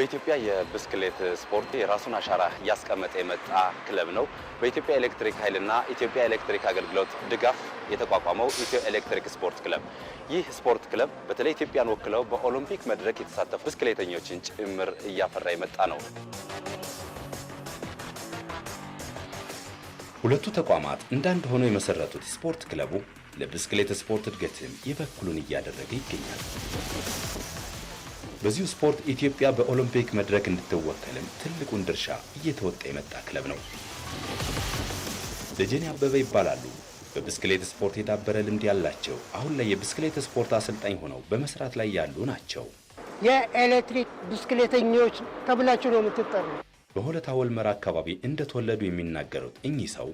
በኢትዮጵያ የብስክሌት ስፖርት የራሱን አሻራ እያስቀመጠ የመጣ ክለብ ነው። በኢትዮጵያ ኤሌክትሪክ ኃይልና ኢትዮጵያ ኤሌክትሪክ አገልግሎት ድጋፍ የተቋቋመው ኢትዮ ኤሌክትሪክ ስፖርት ክለብ። ይህ ስፖርት ክለብ በተለይ ኢትዮጵያን ወክለው በኦሎምፒክ መድረክ የተሳተፉ ብስክሌተኞችን ጭምር እያፈራ የመጣ ነው። ሁለቱ ተቋማት እንዳንድ ሆነው የመሰረቱት ስፖርት ክለቡ ለብስክሌት ስፖርት እድገትም የበኩሉን እያደረገ ይገኛል። በዚሁ ስፖርት ኢትዮጵያ በኦሎምፒክ መድረክ እንድትወከልም ትልቁን ድርሻ እየተወጣ የመጣ ክለብ ነው። ደጀኔ አበበ ይባላሉ። በብስክሌት ስፖርት የዳበረ ልምድ ያላቸው አሁን ላይ የብስክሌት ስፖርት አሰልጣኝ ሆነው በመስራት ላይ ያሉ ናቸው። የኤሌክትሪክ ብስክሌተኞች ተብላችሁ ነው የምትጠሩ። በሆለታ ወልመራ አካባቢ እንደተወለዱ የሚናገሩት እኚህ ሰው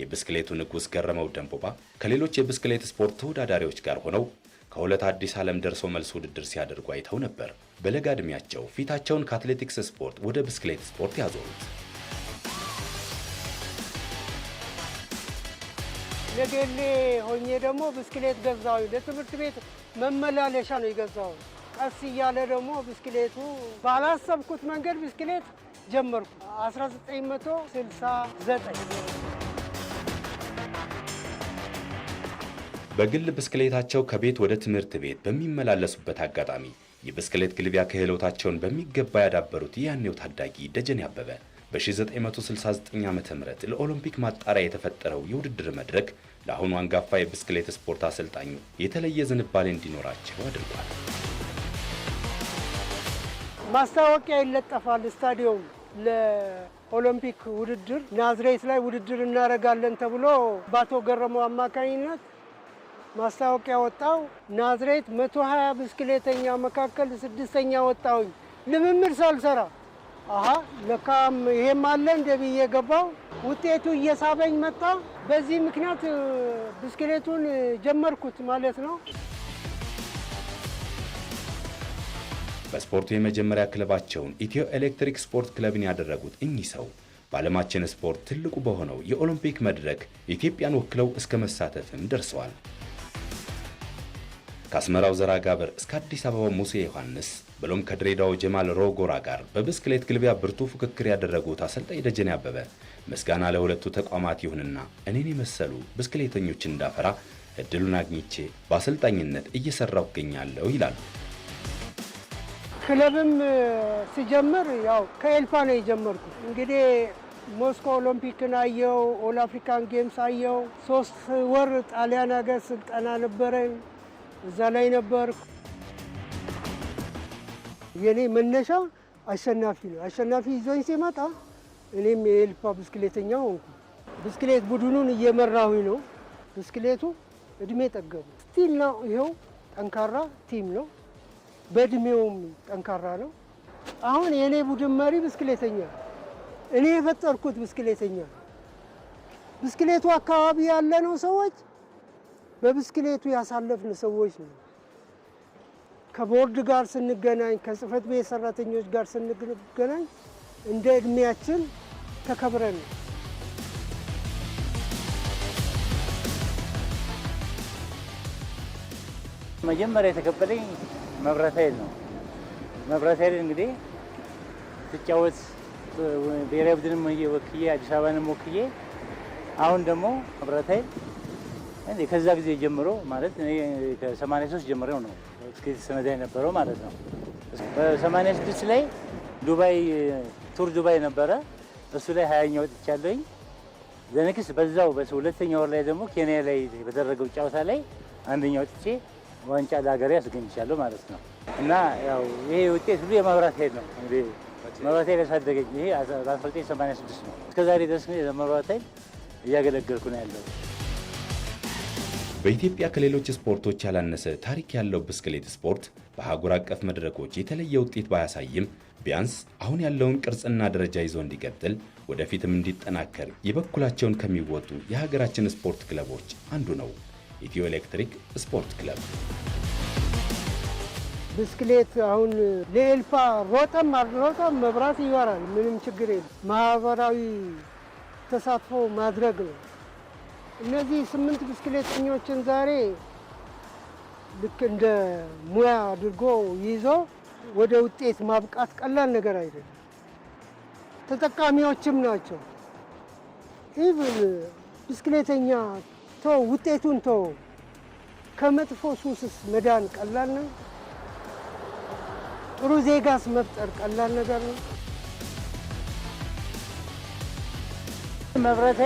የብስክሌቱ ንጉሥ ገረመው ደንቦባ ከሌሎች የብስክሌት ስፖርት ተወዳዳሪዎች ጋር ሆነው ከሁለት አዲስ ዓለም ደርሶ መልስ ውድድር ሲያደርጉ አይተው ነበር። በለጋ ዕድሜያቸው ፊታቸውን ከአትሌቲክስ ስፖርት ወደ ብስክሌት ስፖርት ያዞሩት። ለገሌ ሆኜ ደግሞ ብስክሌት ገዛው። ለትምህርት ቤት መመላለሻ ነው የገዛው። ቀስ እያለ ደግሞ ብስክሌቱ ባላሰብኩት መንገድ ብስክሌት ጀመርኩ 1969 በግል ብስክሌታቸው ከቤት ወደ ትምህርት ቤት በሚመላለሱበት አጋጣሚ የብስክሌት ግልቢያ ክህሎታቸውን በሚገባ ያዳበሩት ያኔው ታዳጊ ደጀኔ አበበ በ1969 ዓ ም ለኦሎምፒክ ማጣሪያ የተፈጠረው የውድድር መድረክ ለአሁኑ አንጋፋ የብስክሌት ስፖርት አሰልጣኙ የተለየ ዝንባሌ እንዲኖራቸው አድርጓል። ማስታወቂያ ይለጠፋል። ስታዲየም ለኦሎምፒክ ውድድር ናዝሬት ላይ ውድድር እናደርጋለን ተብሎ በአቶ ገረመው አማካኝነት ማስታወቂያ ወጣው። ናዝሬት 120 ብስክሌተኛ መካከል ስድስተኛ ወጣሁኝ ልምምድ ሳልሰራ። አሀ ለካም ይሄም አለ እንደ ብዬ ገባው። ውጤቱ እየሳበኝ መጣ። በዚህ ምክንያት ብስክሌቱን ጀመርኩት ማለት ነው። በስፖርቱ የመጀመሪያ ክለባቸውን ኢትዮ ኤሌክትሪክ ስፖርት ክለብን ያደረጉት እኚህ ሰው በዓለማችን ስፖርት ትልቁ በሆነው የኦሎምፒክ መድረክ ኢትዮጵያን ወክለው እስከ መሳተፍም ደርሰዋል። ከአስመራው ዘራ ጋበር እስከ አዲስ አበባው ሙሴ ዮሐንስ ብሎም ከድሬዳው ጀማል ሮጎራ ጋር በብስክሌት ግልቢያ ብርቱ ፉክክር ያደረጉት አሰልጣኝ ደጀኔ አበበ ምስጋና ለሁለቱ ተቋማት ይሁንና እኔን የመሰሉ ብስክሌተኞች እንዳፈራ እድሉን አግኝቼ በአሰልጣኝነት እየሰራ እገኛለሁ ይላሉ። ክለብም ሲጀምር ያው ከኤልፋ ነው የጀመርኩ እንግዲህ ሞስኮ ኦሎምፒክን አየው፣ ኦል አፍሪካን ጌምስ አየው። ሶስት ወር ጣሊያን ሀገር ስልጠና ነበረኝ። እዛ ላይ ነበር የኔ መነሻ አሸናፊ ነው። አሸናፊ ይዞኝ ሲመጣ እኔም የኤልፓ ብስክሌተኛ ሆንኩ። ብስክሌት ቡድኑን እየመራሁኝ ነው። ብስክሌቱ እድሜ ጠገቡ ስቲል ነው። ይኸው ጠንካራ ቲም ነው። በእድሜውም ጠንካራ ነው። አሁን የእኔ ቡድን መሪ ብስክሌተኛ እኔ የፈጠርኩት ብስክሌተኛ ብስክሌቱ አካባቢ ያለ ነው ሰዎች በብስክሌቱ ያሳለፍን ሰዎች ነው። ከቦርድ ጋር ስንገናኝ፣ ከጽህፈት ቤት ሰራተኞች ጋር ስንገናኝ እንደ እድሜያችን ተከብረን መጀመሪያ የተከበለኝ መብራት ኃይል ነው። መብራት ኃይል እንግዲህ ስጫወት ብሔራዊ ቡድንም ወክዬ አዲስ አበባንም ወክዬ አሁን ደግሞ መብራት ኃይል እንዴ ከዛ ጊዜ ጀምሮ ማለት ከ83 ጀምሮ ነው ብስክሌት ስነዳ የነበረው ማለት ነው። በ86 ላይ ዱባይ ቱር ዱባይ ነበረ። እሱ ላይ ሀያኛ ወጥቻለኝ። ዘንክስ በዛው ሁለተኛ ወር ላይ ደግሞ ኬንያ ላይ በደረገው ጨዋታ ላይ አንደኛ ወጥቼ ዋንጫ ለሀገሬ ያስገኝቻለሁ ማለት ነው። እና ያው ይሄ ውጤት ሁሉ የመብራት ኃይል ነው እንግዲህ መብራት ኃይል ያሳደገኝ ይሄ 1986 ነው። እስከዛሬ ድረስ መብራት ኃይል እያገለገልኩ ነው ያለው። በኢትዮጵያ ከሌሎች ስፖርቶች ያላነሰ ታሪክ ያለው ብስክሌት ስፖርት በአህጉር አቀፍ መድረኮች የተለየ ውጤት ባያሳይም ቢያንስ አሁን ያለውን ቅርጽና ደረጃ ይዞ እንዲቀጥል ወደፊትም እንዲጠናከር የበኩላቸውን ከሚወጡ የሀገራችን ስፖርት ክለቦች አንዱ ነው ኢትዮ ኤሌክትሪክ ስፖርት ክለብ። ብስክሌት አሁን ለኤልፋ ሮጠም አልሮጠም መብራት ይበራል፣ ምንም ችግር የለም። ማህበራዊ ተሳትፎ ማድረግ ነው። እነዚህ ስምንት ብስክሌተኞችን ዛሬ ልክ እንደ ሙያ አድርጎ ይዞ ወደ ውጤት ማብቃት ቀላል ነገር አይደለም። ተጠቃሚዎችም ናቸው። ኢቭን ብስክሌተኛ ቶ ውጤቱን ተው፣ ከመጥፎ ሱስስ መዳን ቀላል ነው። ጥሩ ዜጋስ መፍጠር ቀላል ነገር ነው። መብረቴ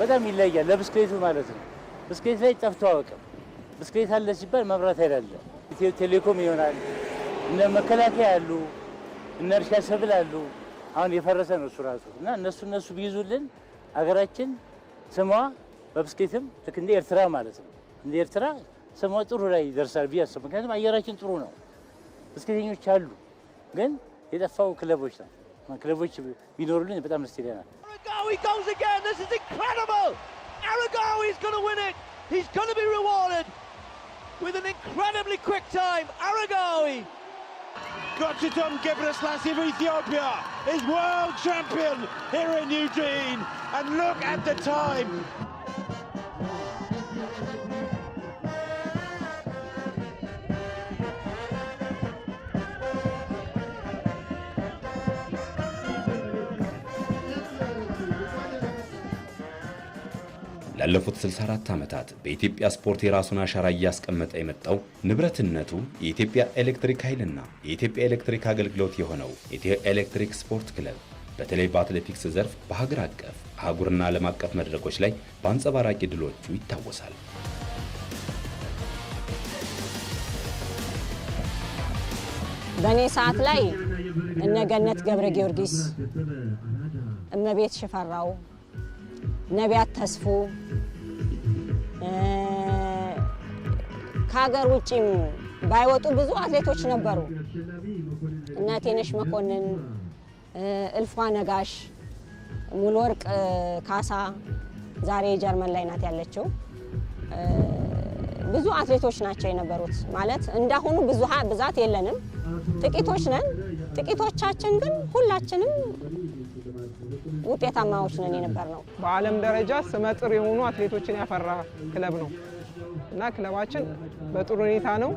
በጣም ይለያል። ለብስክሌቱ ማለት ነው። ብስክሌት ላይ ጠፍቶ አወቅም ብስክሌት አለ ሲባል መብራት አይደለም። ኢትዮ ቴሌኮም ይሆናል፣ እነ መከላከያ አሉ፣ እነ እርሻ ሰብል አሉ። አሁን የፈረሰ ነው እሱ ራሱ እና እነሱ እነሱ ቢይዙልን አገራችን ስሟ በብስክሌትም ልክ እንደ ኤርትራ ማለት ነው እንደ ኤርትራ ስሟ ጥሩ ላይ ይደርሳል ብዬ አስብ። ምክንያቱም አየራችን ጥሩ ነው፣ ብስክሌተኞች አሉ። ግን የጠፋው ክለቦች ነው። ክለቦች ቢኖሩልን በጣም ደስ ይለናል። Aragao, he goes again. This is incredible. Aragawi. is going to win it. He's going to be rewarded with an incredibly quick time. Aragawi. Gochitom Gebrselassie of Ethiopia is world champion here in Eugene. And look at the time. ላለፉት 64 ዓመታት በኢትዮጵያ ስፖርት የራሱን አሻራ እያስቀመጠ የመጣው ንብረትነቱ የኢትዮጵያ ኤሌክትሪክ ኃይልና የኢትዮጵያ ኤሌክትሪክ አገልግሎት የሆነው ኢትዮ ኤሌክትሪክ ስፖርት ክለብ በተለይ በአትሌቲክስ ዘርፍ በሀገር አቀፍ አህጉርና ዓለም አቀፍ መድረኮች ላይ በአንጸባራቂ ድሎቹ ይታወሳል። በእኔ ሰዓት ላይ እነ ገነት ገብረ ጊዮርጊስ፣ እመቤት ሽፈራው ነቢያት ተስፎ ከሀገር ውጭም ባይወጡ ብዙ አትሌቶች ነበሩ። እነ ቴነሽ መኮንን፣ እልፏ ነጋሽ፣ ሙሉ ወርቅ ካሳ ዛሬ ጀርመን ላይ ናት ያለችው። ብዙ አትሌቶች ናቸው የነበሩት። ማለት እንዳሁኑ ብዙ ብዛት የለንም፣ ጥቂቶች ነን። ጥቂቶቻችን ግን ሁላችንም ውጤታማዎች ነን የነበር ነው። በዓለም ደረጃ ስመጥር የሆኑ አትሌቶችን ያፈራ ክለብ ነው እና ክለባችን በጥሩ ሁኔታ ነው።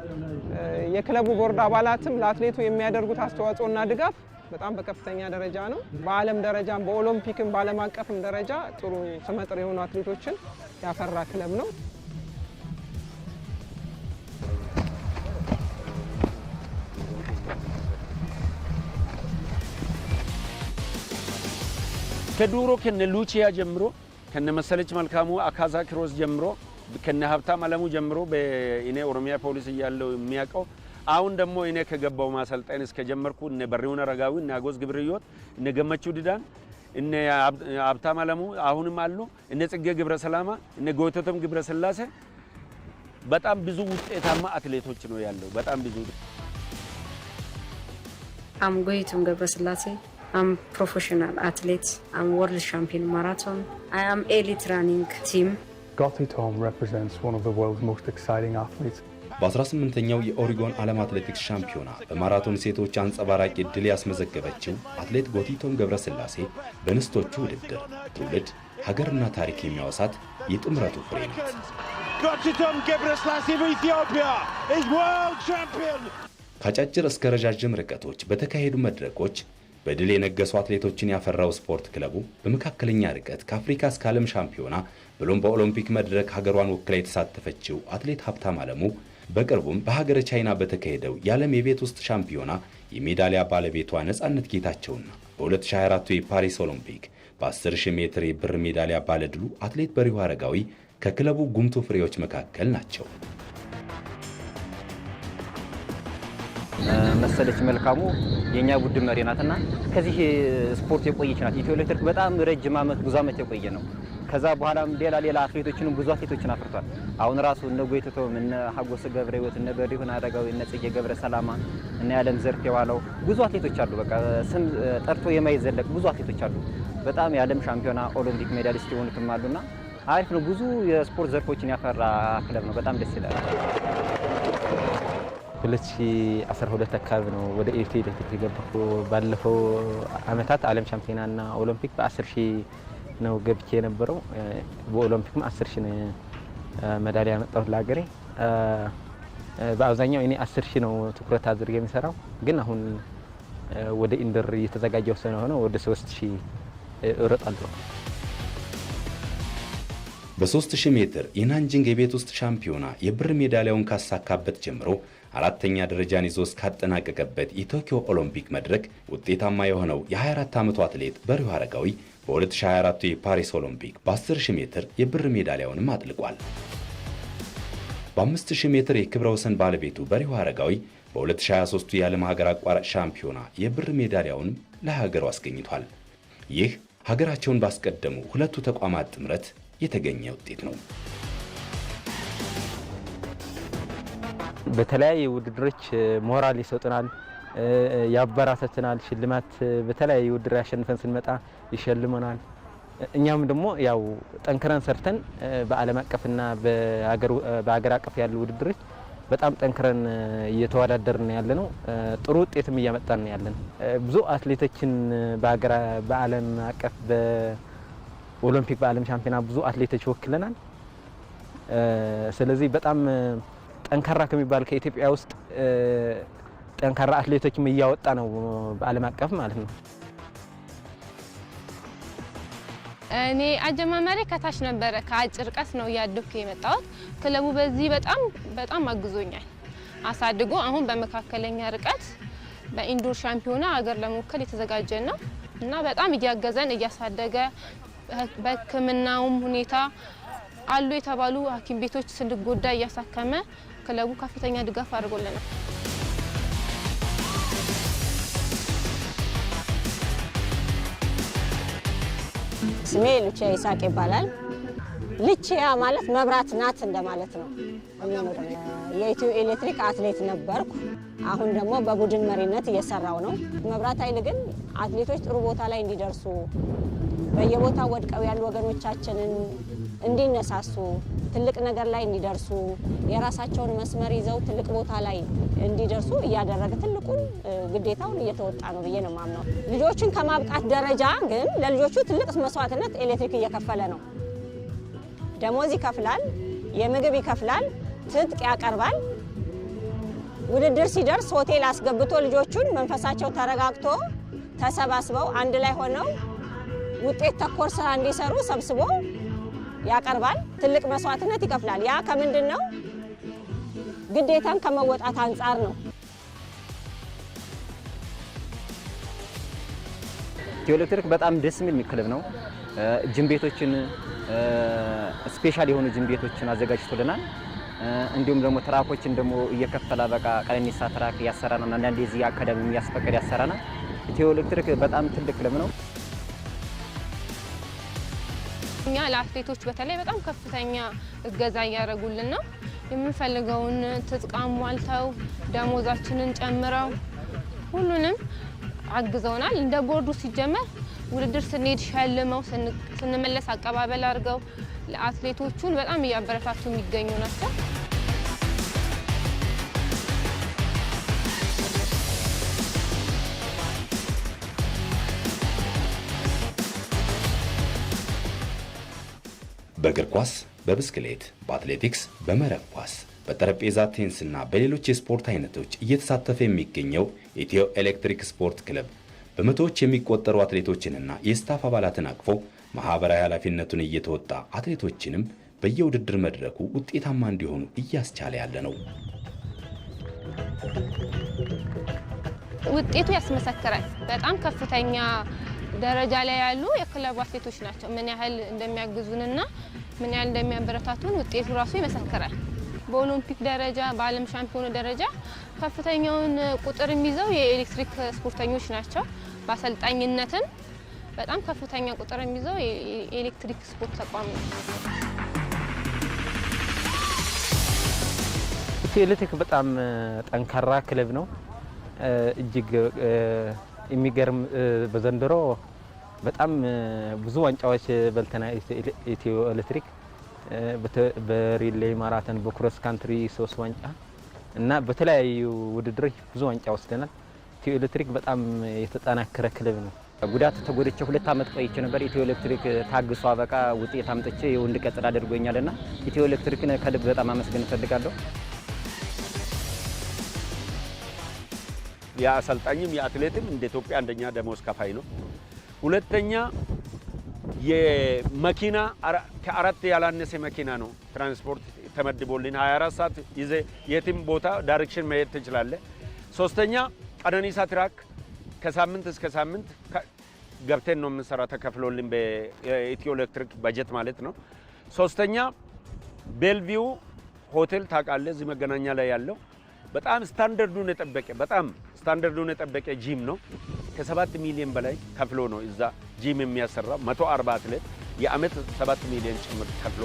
የክለቡ ቦርድ አባላትም ለአትሌቱ የሚያደርጉት አስተዋጽኦና ድጋፍ በጣም በከፍተኛ ደረጃ ነው። በዓለም ደረጃም በኦሎምፒክም በዓለም አቀፍም ደረጃ ጥሩ ስመጥር የሆኑ አትሌቶችን ያፈራ ክለብ ነው። ከዱሮ ከነ ሉቺያ ጀምሮ ከነ መሰለች መልካሙ አካዛ ክሮስ ጀምሮ ከነ ሀብታም አለሙ ጀምሮ እኔ ኦሮሚያ ፖሊስ እያለው የሚያውቀው አሁን ደግሞ እኔ ከገባው ማሰልጠን እስከጀመርኩ እነ በሪውን አረጋዊ እነ አጎዝ ግብርዮት እነ ገመቹ ዲዳን እነ ሀብታም አለሙ አሁንም አሉ እነ ጽጌ ግብረ ሰላማ እነ ጎይተቶም ግብረ ስላሴ በጣም ብዙ ውጤታማ አትሌቶች ነው ያለው። በጣም ብዙ አምጎይቱም ገብረስላሴ አም ፕሮፌሽናል አትሌት አም ወርልድ ሻምፒዮን ማራቶን አይ አም ኤሊት ራኒንግ ቲም በ18ኛው የኦሪጎን ዓለም አትሌቲክስ ሻምፒዮና በማራቶን ሴቶች አንጸባራቂ ድል ያስመዘገበችው አትሌት ጎቲቶም ገብረስላሴ በንስቶቹ ውድድር ትውልድ ሀገርና ታሪክ የሚያወሳት የጥምረቱ ፍሬ ናት። ጎቲቶም ገብረስላሴ በኢትዮጵያ ወርልድ ሻምፒዮን ከአጫጭር እስከ ረዣዥም ርቀቶች በተካሄዱ መድረኮች በድል የነገሱ አትሌቶችን ያፈራው ስፖርት ክለቡ በመካከለኛ ርቀት ከአፍሪካ እስከ ዓለም ሻምፒዮና ብሎም በኦሎምፒክ መድረክ ሀገሯን ወክላ የተሳተፈችው አትሌት ሀብታም አለሙ በቅርቡም በሀገረ ቻይና በተካሄደው የዓለም የቤት ውስጥ ሻምፒዮና የሜዳሊያ ባለቤቷ ነጻነት ጌታቸውና በ2024 የፓሪስ ኦሎምፒክ በ10000 ሜትር የብር ሜዳሊያ ባለድሉ አትሌት በሪሁ አረጋዊ ከክለቡ ጉምቱ ፍሬዎች መካከል ናቸው። መሰለች መልካሙ የኛ ቡድን መሪ ናትና ከዚህ ስፖርት የቆየች ናት። ኢትዮ ኤሌክትሪክ በጣም ረጅም ዓመት ብዙ ዓመት የቆየ ነው። ከዛ በኋላም ሌላ ሌላ አትሌቶችን ብዙ አትሌቶችን አፍርቷል። አሁን ራሱ እነ ጎይተቶም እነ ሀጎስ ገብረ ህይወት እነ በሪሁን አረጋዊ እነ ጽጌ ገብረ ሰላማ እነ ያለም ዘርፍ የዋለው ብዙ አትሌቶች አሉ። በቃ ስም ጠርቶ የማይዘለቅ ብዙ አትሌቶች አሉ። በጣም የዓለም ሻምፒዮና ኦሎምፒክ ሜዳሊስት የሆኑትም አሉና አሪፍ ነው። ብዙ የስፖርት ዘርፎችን ያፈራ ክለብ ነው። በጣም ደስ ይላል። 2012 አካባቢ ነው ወደ ኤፍቴ ኤሌክትሪክ የገባሁ። ባለፈው አመታት ዓለም ሻምፒዮናና ኦሎምፒክ በ10 ሺህ ነው ገብቼ የነበረው። በኦሎምፒክም 10 ሺህ መዳሊያ ያመጣሁት ለሀገሬ። በአብዛኛው እኔ 10 ሺ ነው ትኩረት አድርጌ የሚሰራው፣ ግን አሁን ወደ ኢንዶር እየተዘጋጀው ስለሆነ ወደ 3 ሺህ እሮጣለሁ። በ3000 ሜትር የናንጂንግ የቤት ውስጥ ሻምፒዮና የብር ሜዳሊያውን ካሳካበት ጀምሮ አራተኛ ደረጃን ይዞ እስካጠናቀቀበት የቶኪዮ ኦሎምፒክ መድረክ ውጤታማ የሆነው የ24 ዓመቱ አትሌት በሪሁ አረጋዊ በ2024 የፓሪስ ኦሎምፒክ በ10000 ሜትር የብር ሜዳሊያውንም አጥልቋል። በ5000 ሜትር የክብረ ወሰን ባለቤቱ በሪሁ አረጋዊ በ2023 የዓለም ሀገር አቋራጭ ሻምፒዮና የብር ሜዳሊያውንም ለሀገሩ አስገኝቷል። ይህ ሀገራቸውን ባስቀደሙ ሁለቱ ተቋማት ጥምረት የተገኘ ውጤት ነው። በተለያዩ ውድድሮች ሞራል ይሰጡናል፣ ያበራተትናል። ሽልማት በተለያዩ ውድድር ያሸንፈን ስንመጣ ይሸልመናል። እኛም ደግሞ ያው ጠንክረን ሰርተን በዓለም አቀፍና በሀገር አቀፍ ያሉ ውድድሮች በጣም ጠንክረን እየተወዳደርን ያለ ነው። ጥሩ ውጤትም እያመጣን ያለን ብዙ አትሌቶችን በዓለም አቀፍ በኦሎምፒክ በዓለም ሻምፒዮና ብዙ አትሌቶች ወክለናል። ስለዚህ በጣም ጠንካራ ከሚባል ከኢትዮጵያ ውስጥ ጠንካራ አትሌቶችም እያወጣ ነው በዓለም አቀፍ ማለት ነው። እኔ አጀማመሬ ከታች ነበረ። ከአጭር ርቀት ነው እያደኩ የመጣሁት። ክለቡ በዚህ በጣም በጣም አግዞኛል አሳድጎ አሁን በመካከለኛ ርቀት በኢንዶር ሻምፒዮና ሀገር ለመወከል የተዘጋጀ ነው እና በጣም እያገዘን እያሳደገ በሕክምናውም ሁኔታ አሉ የተባሉ ሐኪም ቤቶች ስንጎዳ እያሳከመ ክለቡ ከፍተኛ ድጋፍ አድርጎልናል። ስሜ ልቻ ይሳቅ ይባላል። ልቺያ ማለት መብራት ናት እንደማለት ነው። የኢትዮ ኤሌክትሪክ አትሌት ነበርኩ። አሁን ደግሞ በቡድን መሪነት እየሰራው ነው። መብራት ኃይል ግን አትሌቶች ጥሩ ቦታ ላይ እንዲደርሱ በየቦታው ወድቀው ያሉ ወገኖቻችንን እንዲነሳሱ ትልቅ ነገር ላይ እንዲደርሱ የራሳቸውን መስመር ይዘው ትልቅ ቦታ ላይ እንዲደርሱ እያደረገ ትልቁን ግዴታውን እየተወጣ ነው ብዬ ነው ማምነው። ልጆችን ከማብቃት ደረጃ ግን ለልጆቹ ትልቅ መስዋዕትነት ኤሌክትሪክ እየከፈለ ነው። ደሞዝ ይከፍላል፣ የምግብ ይከፍላል፣ ትጥቅ ያቀርባል። ውድድር ሲደርስ ሆቴል አስገብቶ ልጆቹን መንፈሳቸው ተረጋግቶ ተሰባስበው አንድ ላይ ሆነው ውጤት ተኮር ስራ እንዲሰሩ ሰብስቦ ያቀርባል። ትልቅ መስዋዕትነት ይከፍላል። ያ ከምንድን ነው? ግዴታን ከመወጣት አንጻር ነው። ኢትዮ ኤሌክትሪክ በጣም ደስ የሚል ክለብ ነው። ጅም ቤቶችን ስፔሻል የሆኑ ጅም ቤቶችን አዘጋጅቶልናል። እንዲሁም ደግሞ ትራኮችን ደግሞ እየከፈለ በቃ ቀነኒሳ ትራክ ነው። አንዳንዴ እዚህ አካዳሚ የሚያስፈቅድ ነው። ኢትዮ ኤሌክትሪክ በጣም ትልቅ ፊልም ነው። እኛ ለአትሌቶች በተለይ በጣም ከፍተኛ እገዛ እያደረጉልን ነው። የምንፈልገውን ትጥቅ አሟልተው ደሞዛችንን ጨምረው ሁሉንም አግዘውናል። እንደ ቦርዱ ሲጀመር ውድድር ስንሄድ ሸልመው ስንመለስ አቀባበል አድርገው ለአትሌቶቹን በጣም እያበረታቱ የሚገኙ ናቸው። በእግር ኳስ፣ በብስክሌት፣ በአትሌቲክስ፣ በመረብ ኳስ፣ በጠረጴዛ እና በሌሎች የስፖርት አይነቶች እየተሳተፈ የሚገኘው ኢትዮ ኤሌክትሪክ ስፖርት ክለብ በመቶዎች የሚቆጠሩ አትሌቶችንና የስታፍ አባላትን አቅፎ ማህበራዊ ኃላፊነቱን እየተወጣ አትሌቶችንም በየውድድር መድረኩ ውጤታማ እንዲሆኑ እያስቻለ ያለ ነው። ውጤቱ ያስመሰክራል። በጣም ከፍተኛ ደረጃ ላይ ያሉ የክለቡ አትሌቶች ናቸው። ምን ያህል እንደሚያግዙንና ምን ያህል እንደሚያበረታቱን ውጤቱ ራሱ ይመሰክራል። በኦሎምፒክ ደረጃ በዓለም ሻምፒዮን ደረጃ ከፍተኛውን ቁጥር የሚይዘው የኤሌክትሪክ ስፖርተኞች ናቸው። በአሰልጣኝነትም በጣም ከፍተኛ ቁጥር የሚይዘው የኤሌክትሪክ ስፖርት ተቋም ነው። ኢትዮ ኤሌክትሪክ በጣም ጠንካራ ክለብ ነው። እጅግ የሚገርም በዘንድሮ በጣም ብዙ ዋንጫዎች በልተና ኢትዮ ኤሌክትሪክ በሪሌ ማራቶን በክሮስ ካንትሪ ሶስት ዋንጫ እና በተለያዩ ውድድሮች ብዙ ዋንጫ ወስደናል። ኢትዮ ኤሌክትሪክ በጣም የተጠናከረ ክለብ ነው። ጉዳት ተጎድቼ ሁለት ዓመት ቆይቼ ነበር። ኢትዮ ኤሌክትሪክ ታግሶ አበቃ ውጤት አምጥቼ ይኸው እንድቀጥል አድርጎኛል እና ኢትዮ ኤሌክትሪክን ከልብ በጣም አመስገን እፈልጋለሁ። የአሰልጣኝም የአትሌትም እንደ ኢትዮጵያ አንደኛ ደሞዝ ከፋይ ነው። ሁለተኛ የመኪና ከአራት ያላነሰ መኪና ነው ትራንስፖርት ተመድቦልን 24 ሰዓት ይዘ የትም ቦታ ዳይሬክሽን መሄድ ትችላለ። ሶስተኛ ቀነኒሳ ትራክ ከሳምንት እስከ ሳምንት ገብተን ነው የምንሰራ ተከፍሎልን በኢትዮ ኤሌክትሪክ በጀት ማለት ነው። ሶስተኛ ቤልቪው ሆቴል ታውቃለህ፣ እዚህ መገናኛ ላይ ያለው በጣም ስታንደርዱን የጠበቀ በጣም ስታንደርዱን የጠበቀ ጂም ነው። ከሰባት ሚሊዮን በላይ ከፍሎ ነው እዛ ጂም የሚያሰራው። መቶ አርባ አትሌት የአመት ሰባት ሚሊዮን ጭምር ከፍሎ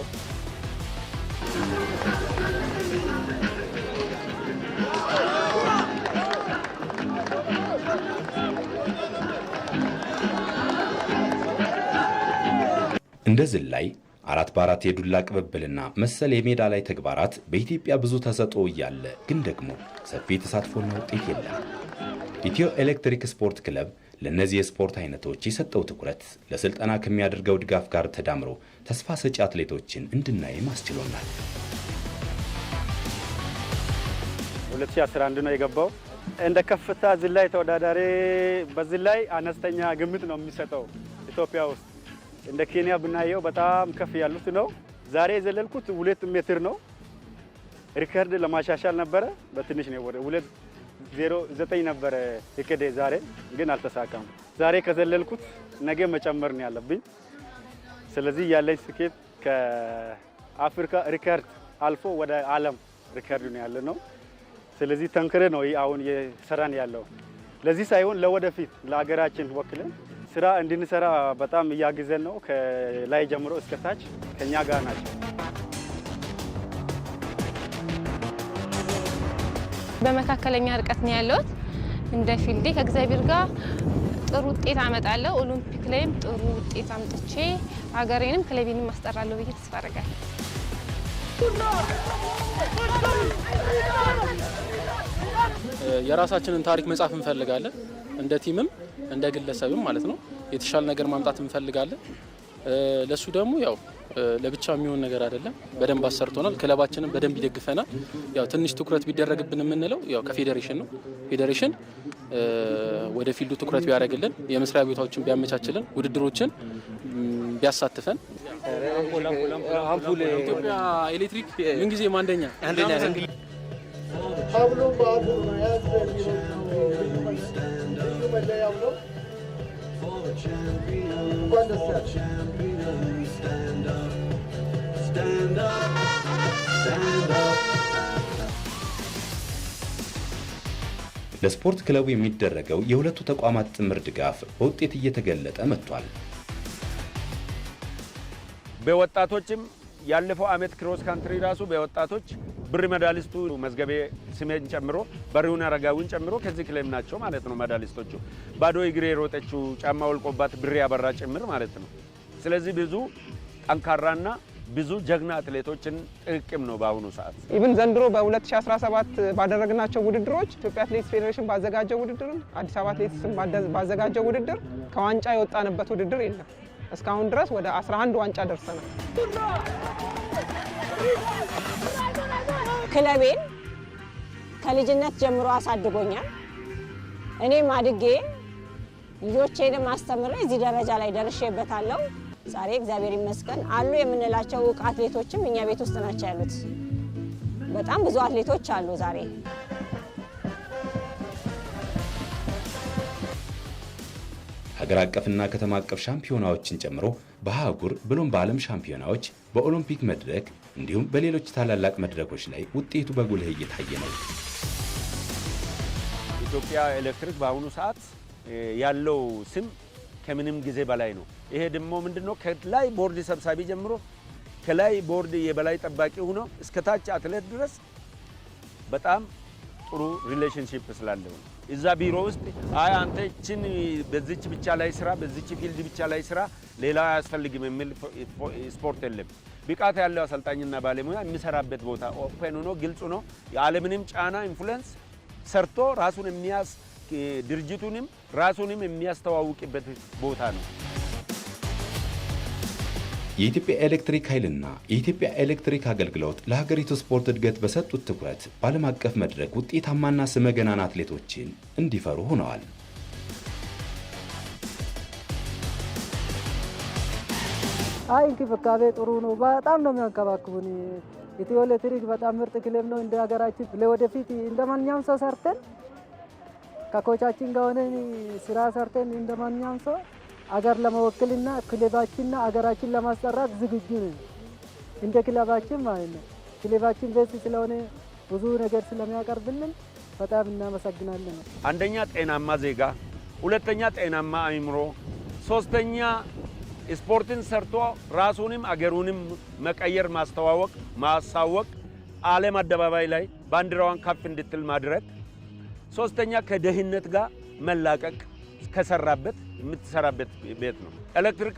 እንደ ዝላይ አራት በአራት የዱላ ቅብብልና መሰል የሜዳ ላይ ተግባራት በኢትዮጵያ ብዙ ተሰጥኦ እያለ ግን ደግሞ ሰፊ ተሳትፎና ውጤት የለም። ኢትዮ ኤሌክትሪክ ስፖርት ክለብ ለእነዚህ የስፖርት አይነቶች የሰጠው ትኩረት ለስልጠና ከሚያደርገው ድጋፍ ጋር ተዳምሮ ተስፋ ሰጪ አትሌቶችን እንድናይም አስችሎናል። 2011 ነው የገባው። እንደ ከፍታ ዝላይ ተወዳዳሪ በዝላይ አነስተኛ ግምት ነው የሚሰጠው ኢትዮጵያ ውስጥ። እንደ ኬንያ ብናየው በጣም ከፍ ያሉት ነው። ዛሬ የዘለልኩት ሁለት ሜትር ነው። ሪከርድ ለማሻሻል ነበረ። በትንሽ ነው ወደ ሁለት ዜሮ ዘጠኝ ነበረ እቅዴ። ዛሬ ግን አልተሳካም። ዛሬ ከዘለልኩት ነገ መጨመር ነው ያለብኝ። ስለዚህ ያለኝ ስኬት ከአፍሪካ ሪከርድ አልፎ ወደ ዓለም ሪከርድ ነው ያለ ነው። ስለዚህ ተንክሬ ነው አሁን የሰራን ያለው። ለዚህ ሳይሆን ለወደፊት ለሀገራችን ወክለን ስራ እንድንሰራ በጣም እያግዘን ነው። ከላይ ጀምሮ እስከታች ከኛ ጋር ናቸው። በመካከለኛ ርቀት ነው ያለሁት። እንደ ፊልዴ ከእግዚአብሔር ጋር ጥሩ ውጤት አመጣለሁ። ኦሎምፒክ ላይም ጥሩ ውጤት አምጥቼ ሀገሬንም ክለቤንም አስጠራለሁ ብዬ ተስፋ አደርጋለሁ። የራሳችንን ታሪክ መጻፍ እንፈልጋለን። እንደ ቲምም እንደ ግለሰብም ማለት ነው። የተሻለ ነገር ማምጣት እንፈልጋለን። ለእሱ ደግሞ ያው ለብቻ የሚሆን ነገር አይደለም። በደንብ አሰርቶናል። ክለባችንም በደንብ ይደግፈናል። ያው ትንሽ ትኩረት ቢደረግብን የምንለው ያው ከፌዴሬሽን ነው። ፌዴሬሽን ወደ ፊልዱ ትኩረት ቢያደርግልን፣ የመስሪያ ቤታዎችን ቢያመቻችልን፣ ውድድሮችን ቢያሳትፈን ኢትዮጵያ ኤሌክትሪክ ምንጊዜም አንደኛ ነው። ለስፖርት ክለቡ የሚደረገው የሁለቱ ተቋማት ጥምር ድጋፍ በውጤት እየተገለጠ መጥቷል። በወጣቶችም ያለፈው አመት ክሮስ ካንትሪ ራሱ በወጣቶች ብር ሜዳሊስቱ መዝገቤ ስሜን ጨምሮ በሪውን አረጋዊን ጨምሮ ከዚህ ክለብ ናቸው ማለት ነው ሜዳሊስቶቹ። ባዶ እግሬ የሮጠችው ጫማ ወልቆባት ብር ያበራ ጭምር ማለት ነው። ስለዚህ ብዙ ጠንካራና ብዙ ጀግና አትሌቶችን ጥቅም ነው። በአሁኑ ሰዓት ኢቭን ዘንድሮ በ2017 ባደረግናቸው ውድድሮች ኢትዮጵያ አትሌቲክስ ፌዴሬሽን ባዘጋጀው ውድድር፣ አዲስ አበባ አትሌቲክስን ባዘጋጀው ውድድር ከዋንጫ የወጣንበት ውድድር የለም። እስካሁን ድረስ ወደ 11 ዋንጫ ደርሰናል። ክለቤን ከልጅነት ጀምሮ አሳድጎኛል። እኔም አድጌ ልጆቼንም አስተምሬ እዚህ ደረጃ ላይ ደርሼበታለሁ። ዛሬ እግዚአብሔር ይመስገን አሉ የምንላቸው እውቅ አትሌቶችም እኛ ቤት ውስጥ ናቸው ያሉት። በጣም ብዙ አትሌቶች አሉ ዛሬ ሀገር አቀፍና ከተማ አቀፍ ሻምፒዮናዎችን ጨምሮ በአህጉር ብሎም በዓለም ሻምፒዮናዎች በኦሎምፒክ መድረክ እንዲሁም በሌሎች ታላላቅ መድረኮች ላይ ውጤቱ በጉልህ እየታየ ነው። ኢትዮጵያ ኤሌክትሪክ በአሁኑ ሰዓት ያለው ስም ከምንም ጊዜ በላይ ነው። ይሄ ደግሞ ምንድነው ከላይ ቦርድ ሰብሳቢ ጀምሮ ከላይ ቦርድ የበላይ ጠባቂ ሆኖ እስከታች አትሌት ድረስ በጣም ጥሩ ሪሌሽንሽፕ ስላለው ነው። እዛ ቢሮ ውስጥ አይ አንተ ችን በዚች ብቻ ላይ ስራ፣ በዚች ፊልድ ብቻ ላይ ስራ፣ ሌላ አያስፈልግም የሚል ስፖርት የለም። ብቃት ያለው አሰልጣኝና ባለሙያ የሚሰራበት ቦታ ኦፕን ሆኖ ግልጽ ሆኖ ያለምንም ጫና ኢንፍሉዌንስ ሰርቶ ራሱን የሚያስ ድርጅቱንም ራሱንም የሚያስተዋውቅበት ቦታ ነው። የኢትዮጵያ ኤሌክትሪክ ኃይልና የኢትዮጵያ ኤሌክትሪክ አገልግሎት ለሀገሪቱ ስፖርት እድገት በሰጡት ትኩረት በዓለም አቀፍ መድረክ ውጤታማና ስመገናን አትሌቶችን እንዲፈሩ ሆነዋል። አይ እንክብካቤ ጥሩ ነው። በጣም ነው የሚያንከባክቡን። ኢትዮ ኤሌክትሪክ በጣም ምርጥ ክለብ ነው። እንደ ሀገራችን ለወደፊት እንደ ማንኛውም ሰው ሰርተን ከኮቻችን ጋር ሆነን ስራ ሰርተን እንደ ማንኛውም ሰው አገር ለመወከልና ክለባችንና አገራችን ለማስጠራት ዝግጁ ነን። እንደ ክለባችን ማለት ነው። ክለባችን ቤት ስለሆነ ብዙ ነገር ስለሚያቀርብልን በጣም እናመሰግናለን። አንደኛ ጤናማ ዜጋ፣ ሁለተኛ ጤናማ አይምሮ፣ ሶስተኛ ስፖርትን ሰርቶ ራሱንም አገሩንም መቀየር፣ ማስተዋወቅ፣ ማሳወቅ፣ ዓለም አደባባይ ላይ ባንዲራዋን ከፍ እንድትል ማድረግ፣ ሶስተኛ ከደህንነት ጋር መላቀቅ ከሰራበት የምትሰራበት ቤት ነው። ኤሌክትሪክ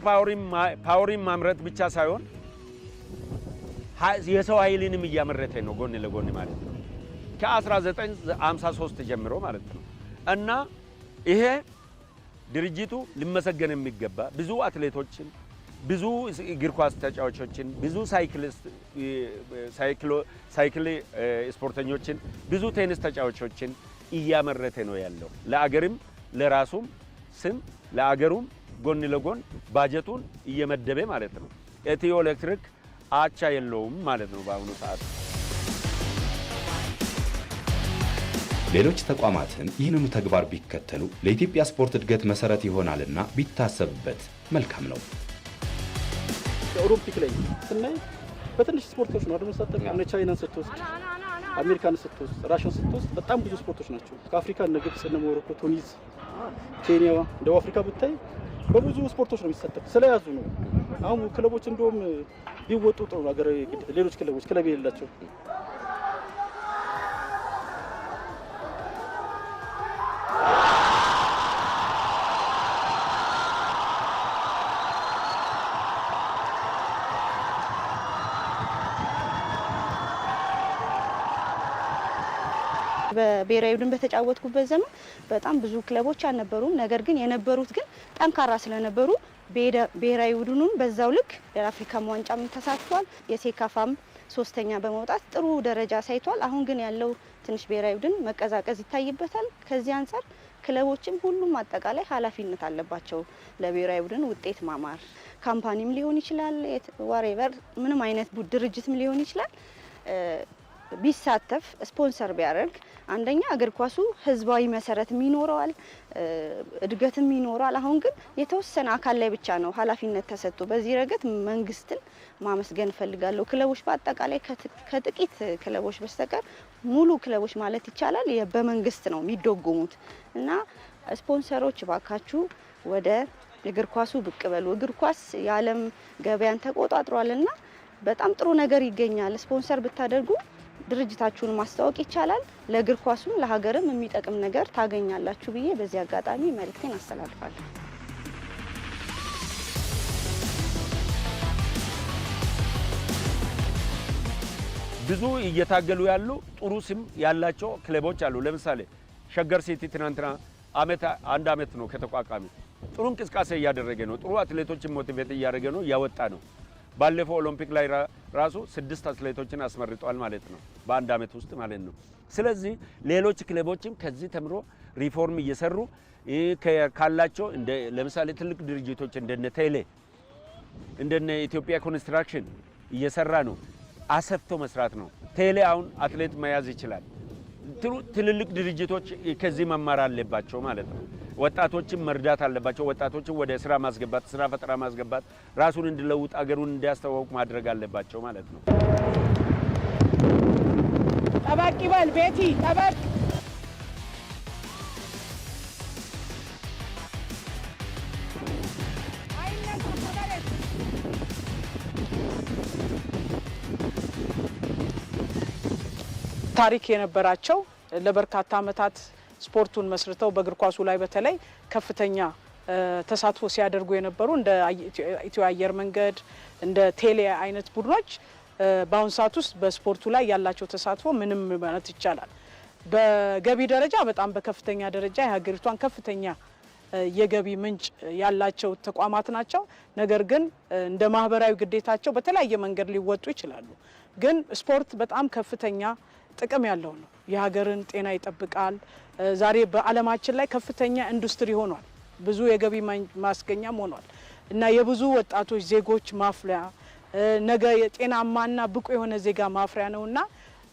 ፓወሪን ማምረት ብቻ ሳይሆን የሰው ኃይልንም እያመረተ ነው፣ ጎን ለጎን ማለት ነው። ከ1953 ጀምሮ ማለት ነው። እና ይሄ ድርጅቱ ሊመሰገን የሚገባ ብዙ አትሌቶችን፣ ብዙ እግር ኳስ ተጫዋቾችን፣ ብዙ ሳይክል ስፖርተኞችን፣ ብዙ ቴኒስ ተጫዋቾችን እያመረተ ነው ያለው ለአገርም ለራሱም ስም ለአገሩም ጎን ለጎን ባጀቱን እየመደበ ማለት ነው። ኢትዮ ኤሌክትሪክ አቻ የለውም ማለት ነው በአሁኑ ሰዓት። ሌሎች ተቋማትም ይህንኑ ተግባር ቢከተሉ ለኢትዮጵያ ስፖርት እድገት መሰረት ይሆናልና ቢታሰብበት መልካም ነው። ኦሎምፒክ ላይ ስናይ በትንሽ ስፖርቶች ነው አድሞ ሳጠቅ እነ ቻይናን ስትወስድ፣ አሜሪካን ስትወስድ፣ ራሽን ስትወስድ በጣም ብዙ ስፖርቶች ናቸው። ከአፍሪካ እነ ግብፅ፣ እነ ሞሮኮ፣ ቱኒዝ ኬንያ፣ ደቡብ አፍሪካ ብታይ በብዙ ስፖርቶች ነው የሚሳተፍ ስለያዙ ነው። አሁን ክለቦች እንደውም ቢወጡ ጥሩ ነው። ሌሎች ክለቦች ክለብ የሌላቸው በብሔራዊ ቡድን በተጫወትኩበት ዘመን በጣም ብዙ ክለቦች አልነበሩም። ነገር ግን የነበሩት ግን ጠንካራ ስለነበሩ ብሔራዊ ቡድኑን በዛው ልክ ለአፍሪካ ዋንጫም ተሳትፏል። የሴካፋም ሶስተኛ በመውጣት ጥሩ ደረጃ ሳይቷል አሁን ግን ያለው ትንሽ ብሔራዊ ቡድን መቀዛቀዝ ይታይበታል። ከዚህ አንጻር ክለቦችም ሁሉም አጠቃላይ ኃላፊነት አለባቸው ለብሔራዊ ቡድን ውጤት ማማር። ካምፓኒም ሊሆን ይችላል፣ ዋሬቨር ምንም አይነት ድርጅትም ሊሆን ይችላል ቢሳተፍ ስፖንሰር ቢያደርግ አንደኛ እግር ኳሱ ህዝባዊ መሰረትም ይኖረዋል፣ እድገትም ይኖረዋል። አሁን ግን የተወሰነ አካል ላይ ብቻ ነው ኃላፊነት ተሰጥቶ በዚህ ረገድ መንግስትን ማመስገን እፈልጋለሁ። ክለቦች በአጠቃላይ ከጥቂት ክለቦች በስተቀር ሙሉ ክለቦች ማለት ይቻላል በመንግስት ነው የሚደጎሙት እና ስፖንሰሮች ባካችሁ ወደ እግር ኳሱ ብቅ በሉ። እግር ኳስ የዓለም ገበያን ተቆጣጥሯል ና በጣም ጥሩ ነገር ይገኛል። ስፖንሰር ብታደርጉ ድርጅታችሁን ማስተዋወቅ ይቻላል። ለእግር ኳሱም ለሀገርም የሚጠቅም ነገር ታገኛላችሁ ብዬ በዚህ አጋጣሚ መልእክቴን አስተላልፋለሁ። ብዙ እየታገሉ ያሉ ጥሩ ስም ያላቸው ክለቦች አሉ። ለምሳሌ ሸገር ሲቲ ትናንትና አመት አንድ አመት ነው ከተቋቋሚ ጥሩ እንቅስቃሴ እያደረገ ነው። ጥሩ አትሌቶችን ሞቲቬት እያደረገ ነው፣ እያወጣ ነው። ባለፈው ኦሎምፒክ ላይ ራሱ ስድስት አትሌቶችን አስመርጧል ማለት ነው፣ በአንድ ዓመት ውስጥ ማለት ነው። ስለዚህ ሌሎች ክለቦችም ከዚህ ተምሮ ሪፎርም እየሰሩ ካላቸው ለምሳሌ ትልቅ ድርጅቶች እንደነ ቴሌ እንደነ ኢትዮጵያ ኮንስትራክሽን እየሰራ ነው። አሰፍቶ መስራት ነው። ቴሌ አሁን አትሌት መያዝ ይችላል። ትልልቅ ድርጅቶች ከዚህ መማር አለባቸው ማለት ነው። ወጣቶችን መርዳት አለባቸው። ወጣቶችን ወደ ስራ ማስገባት፣ ስራ ፈጠራ ማስገባት፣ ራሱን እንዲለውጥ አገሩን እንዲያስተዋውቅ ማድረግ አለባቸው ማለት ነው። ቤቲ ጠበቅ። ታሪክ የነበራቸው ለበርካታ ዓመታት ስፖርቱን መስርተው በእግር ኳሱ ላይ በተለይ ከፍተኛ ተሳትፎ ሲያደርጉ የነበሩ እንደ ኢትዮ አየር መንገድ እንደ ቴሌ አይነት ቡድኖች በአሁን ሰዓት ውስጥ በስፖርቱ ላይ ያላቸው ተሳትፎ ምንም ማለት ይቻላል በገቢ ደረጃ በጣም በከፍተኛ ደረጃ የሀገሪቷን ከፍተኛ የገቢ ምንጭ ያላቸው ተቋማት ናቸው። ነገር ግን እንደ ማህበራዊ ግዴታቸው በተለያየ መንገድ ሊወጡ ይችላሉ። ግን ስፖርት በጣም ከፍተኛ ጥቅም ያለው ነው። የሀገርን ጤና ይጠብቃል። ዛሬ በዓለማችን ላይ ከፍተኛ ኢንዱስትሪ ሆኗል። ብዙ የገቢ ማስገኛም ሆኗል እና የብዙ ወጣቶች ዜጎች ማፍሪያ ነገ የጤናማና ብቁ የሆነ ዜጋ ማፍሪያ ነውና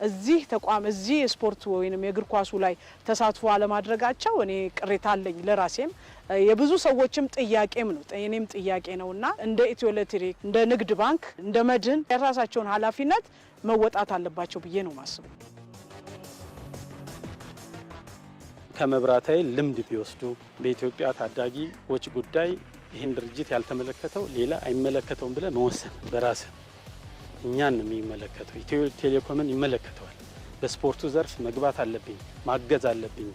እዚህ ተቋም እዚህ የስፖርት ወይም የእግር ኳሱ ላይ ተሳትፎ አለማድረጋቸው እኔ ቅሬታ አለኝ። ለራሴም የብዙ ሰዎችም ጥያቄም ነው እኔም ጥያቄ ነው እና እንደ ኢትዮ ኤሌክትሪክ፣ እንደ ንግድ ባንክ፣ እንደ መድን የራሳቸውን ኃላፊነት መወጣት አለባቸው ብዬ ነው ማስበው። ከመብራት ኃይል ልምድ ቢወስዱ በኢትዮጵያ ታዳጊዎች ጉዳይ ይህን ድርጅት ያልተመለከተው ሌላ አይመለከተውም ብለ መወሰን በራስ እኛን የሚመለከተው። ኢትዮ ቴሌኮምን ይመለከተዋል። በስፖርቱ ዘርፍ መግባት አለብኝ፣ ማገዝ አለብኝ።